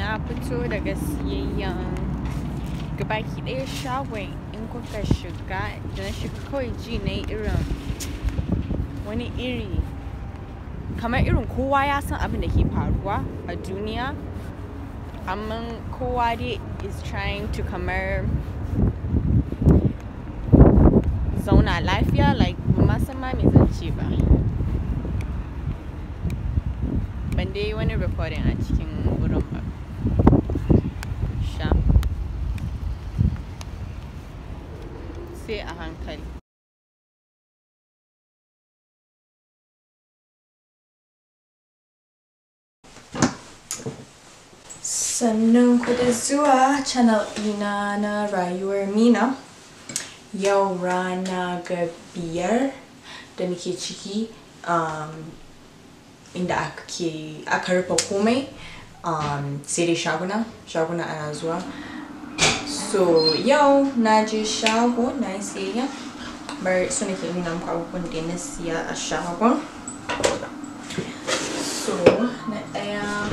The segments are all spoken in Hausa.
na fito daga siyayyan gabaki daya shagon in kuka shiga da na shiga kawai ji na irin wani iri kamar irin kowa ya san abin da ke faruwa a duniya amma kowa dai is trying to kamar zauna lafiya like ba san ma me zan ce ba ban dai wani recording a cikin wurin ba hankali sannan ku da zuwa channel ina na rayuwar mina yau rana ga biyar da nake ciki um, inda aka rufe komai um, sai dai shaguna shaguna ana zuwa so yau na je shago na yi siyayya bar su nake nuna muku abubuwan da na siya a shagon so na ɗaya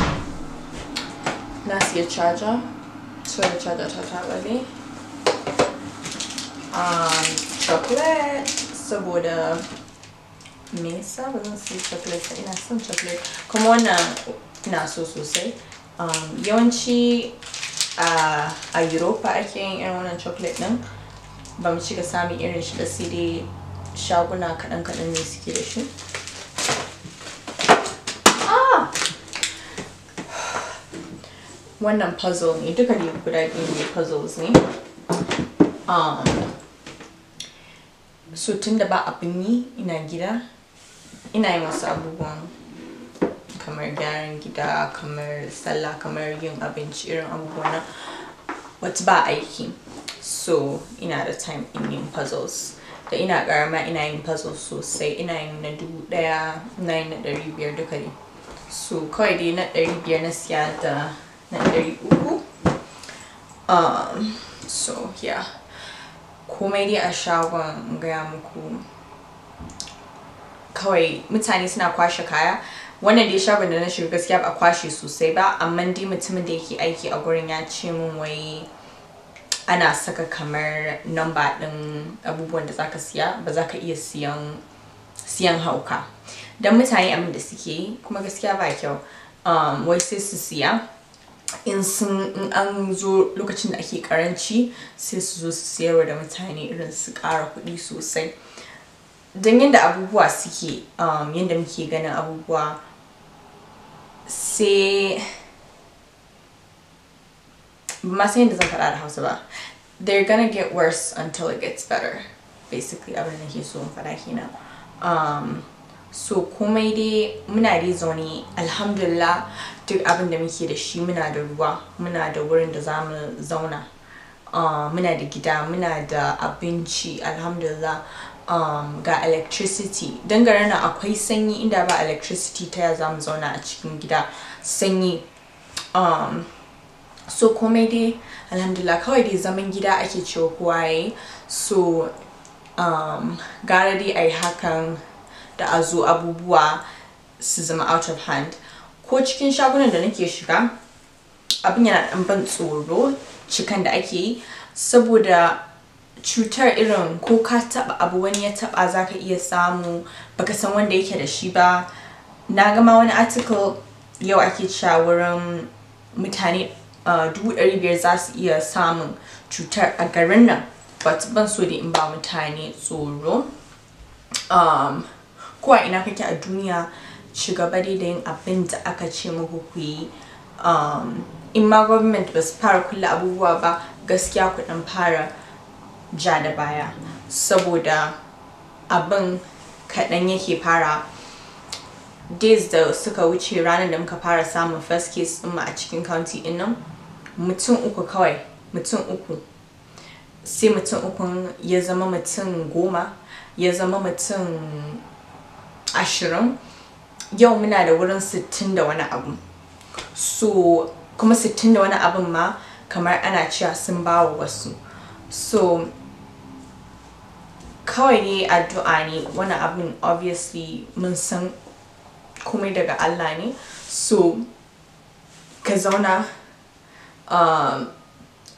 na siya charger so da charger ta tabale um, chocolate saboda me yasa ba zan siya chocolate ina son chocolate kuma wannan na so sosai um, yawanci a Europa ake yin irin wannan chocolate din ba mu cika samun irin shi da dai shaguna kaɗan-kaɗan ne suke da shi ah! wannan puzzle ne duka ne guda biyu ne puzzles ne um, so tun da ba abin yi ina gida ina yi wasu abubuwan kamar gyaran gida kamar sallah kamar yin abinci irin abubuwan nan wata ba aiki so ina da time in yin puzzles da ina karama ina yin puzzles sosai ina yin na dubu daya ina yin na dari biyar duka ne so kawai dai na dari biyar na siya da na dari uku um, so yeah komai dai a shagon gaya muku kawai mutane suna kwashe kaya wannan dai shagon da na shiga gaskiya ba kwashe sosai ba amma dai mutumin da yake aiki a gurin ya ce min wai ana saka kamar namba din abubuwan da zaka siya ba za ka iya siyan siyan hauka don mutane abin da suke kuma gaskiya ba kyau um, wai sai su siya in sun in an zo lokacin da ake karanci sai su zo su siyarwa da mutane irin su kara kuɗi sosai don yadda abubuwa suke um, yadda muke ganin abubuwa sai ma san yadda zan faɗa da hausa ba they're gonna get worse until it gets better basically abin da ke so in faɗa kenan um, so komai dai muna dai zaune alhamdulillah duk abin da muke da shi muna da ruwa muna da wurin da zamu mu zauna um, muna da gida muna da abinci alhamdulillah um, ga electricity don gara na akwai sanyi inda ba electricity ta ya za zauna a cikin gida sanyi um, so komai dai alhamdulillah kawai dai zaman gida ake cewa kowa yayi so um, gara dai a yi hakan da a zo abubuwa su zama out of hand ko cikin shagunan da nake shiga abin yana ɗan ban tsoro cikan da ake yi saboda cutar irin ko ka taba abu wani ya taba zaka iya samu baka san wanda yake da shi ba na gama wani article yau ake cewa mutane dubu ɗari biyar za su iya samun cutar a garin nan but ban so da in ba mutane tsoro um, ko a ina kake a duniya ci gaba dai da yin abin da aka ce muku ku yi um, in ma government ba su fara kulle abubuwa ba gaskiya ku fara ja da baya saboda abin kaɗan yake fara days da suka wuce ranar da muka fara samun first case ɗinmu a cikin county ɗin nan mutum uku kawai mutum uku sai mutum ukun ya zama mutum goma ya zama mutum ashirin yau muna da wurin sittin da wani abu so kuma sittin da wani abun ma kamar ana cewa sun bawa wasu so kawai ne addu'a ne wani abin obviously mun san komai daga Allah ne so ka zauna um,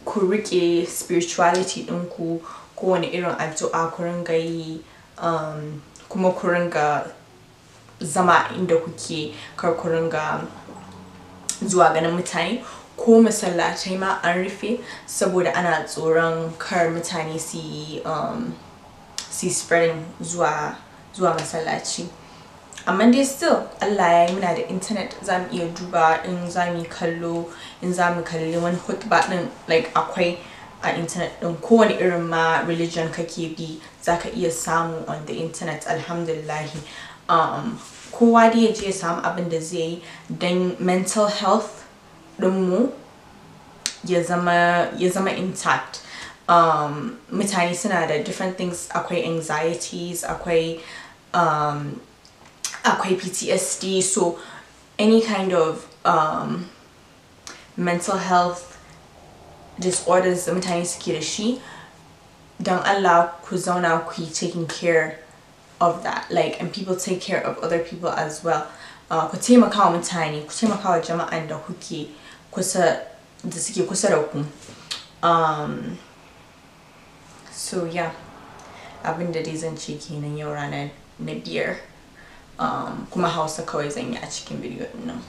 ku rike spirituality ɗinku wani irin addu'a ku ringa yi um, kuma ku ringa zama inda kuke kar ku ringa zuwa ganin mutane ko masallatai ma an rufe saboda ana tsoron kar mutane su yi um, su spreading zuwa zuwa masallaci amma dai still Allah ya yi muna da internet za mu iya duba in za mu kallo in za mu kalli wani hutba din like akwai a internet din kowane irin ma religion kake bi za ka iya samu on the internet alhamdulillahi um, kowa dai ya je ya samu abin da zai yi don mental health dinmu ya zama intact um, mitani suna different things akwai anxieties akwai um, akwai PTSD so any kind of um, mental health disorders da mutane suke she don't allow kuzona zauna taking care of that like and people take care of other people as well uh, ku taimaka wa mutane ku taimaka wa jama'an da kuke kusa da um, so yeah abin da dai zan ce kenan yau rana na biyar um, kuma hausa kawai zan yi a cikin bidiyo nan